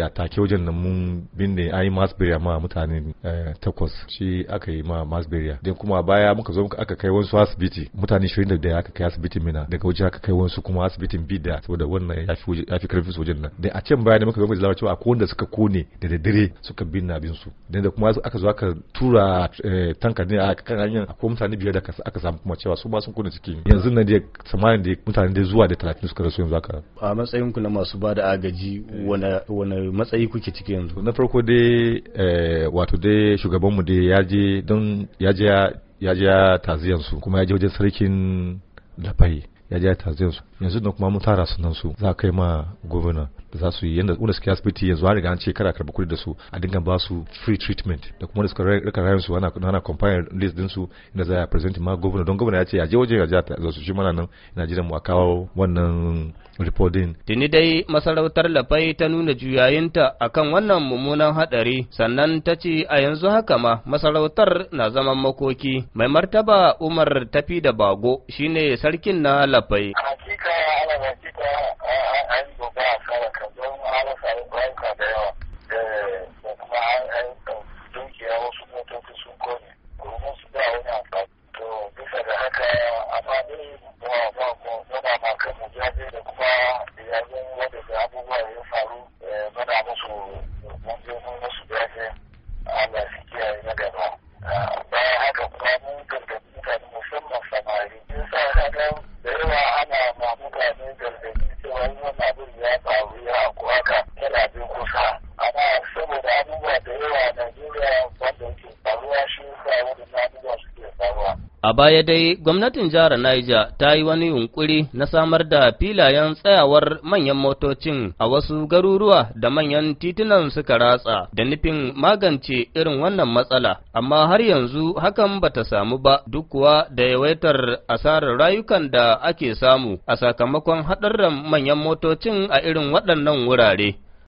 ya take wajen nan mun binne an yi mass burial ma mutane eh, takwas shi aka yi ma mass burial din kuma baya muka zo aka kai wasu asibiti mutane 21 aka kai asibitin mina daga waje aka kai wasu kuma asibitin bidda saboda wannan ya fi karfin wajen nan dan a can baya ne muka gama zama cewa akwai wanda suka kone da daddare suka binne bin su dan da kuma aka zo aka tura eh, tankar ne a kan hanyar akwai mutane biyar da aka samu kuma cewa su ma sun kone cikin yanzu nan dai samanin da mutane da zuwa da 30 suka rasu yanzu haka a matsayin ku na masu ba da agaji eh. wani matsayi kuke ciki yanzu na farko dai eh, wato dai shugabanmu dai ya je don ya je ya taziyansu kuma ya je wajen sarkin lafai ya ja su yanzu da kuma mun tara sunan su za kai ma gwamna da za su yi yanda wanda suke asibiti yanzu har riga an ce kara karɓi kuɗi da su a dinga ba su free treatment da kuma da suka rika rayuwar su ana ana compare list din su inda za a present ma gwamna don gwamna ya ce ya je waje ya ji ta su shi mana nan ina jiran mu a kawo wannan reporting tuni dai masarautar lafai ta nuna juyayinta akan wannan mummunan hadari sannan ta ce a yanzu haka ma masarautar na zaman makoki mai martaba Umar tafi da bago shine sarkin na kasafai. Hakika, hakika A baya dai gwamnatin jihar Niger ta yi wani yunkuri na samar da filayen tsayawar manyan motocin a wasu garuruwa da manyan titunan suka ratsa da nufin magance irin wannan matsala, amma har yanzu hakan bata samu ba duk kuwa da yawaitar asarar rayukan da ake samu a sakamakon haɗarren manyan motocin a irin waɗannan wurare.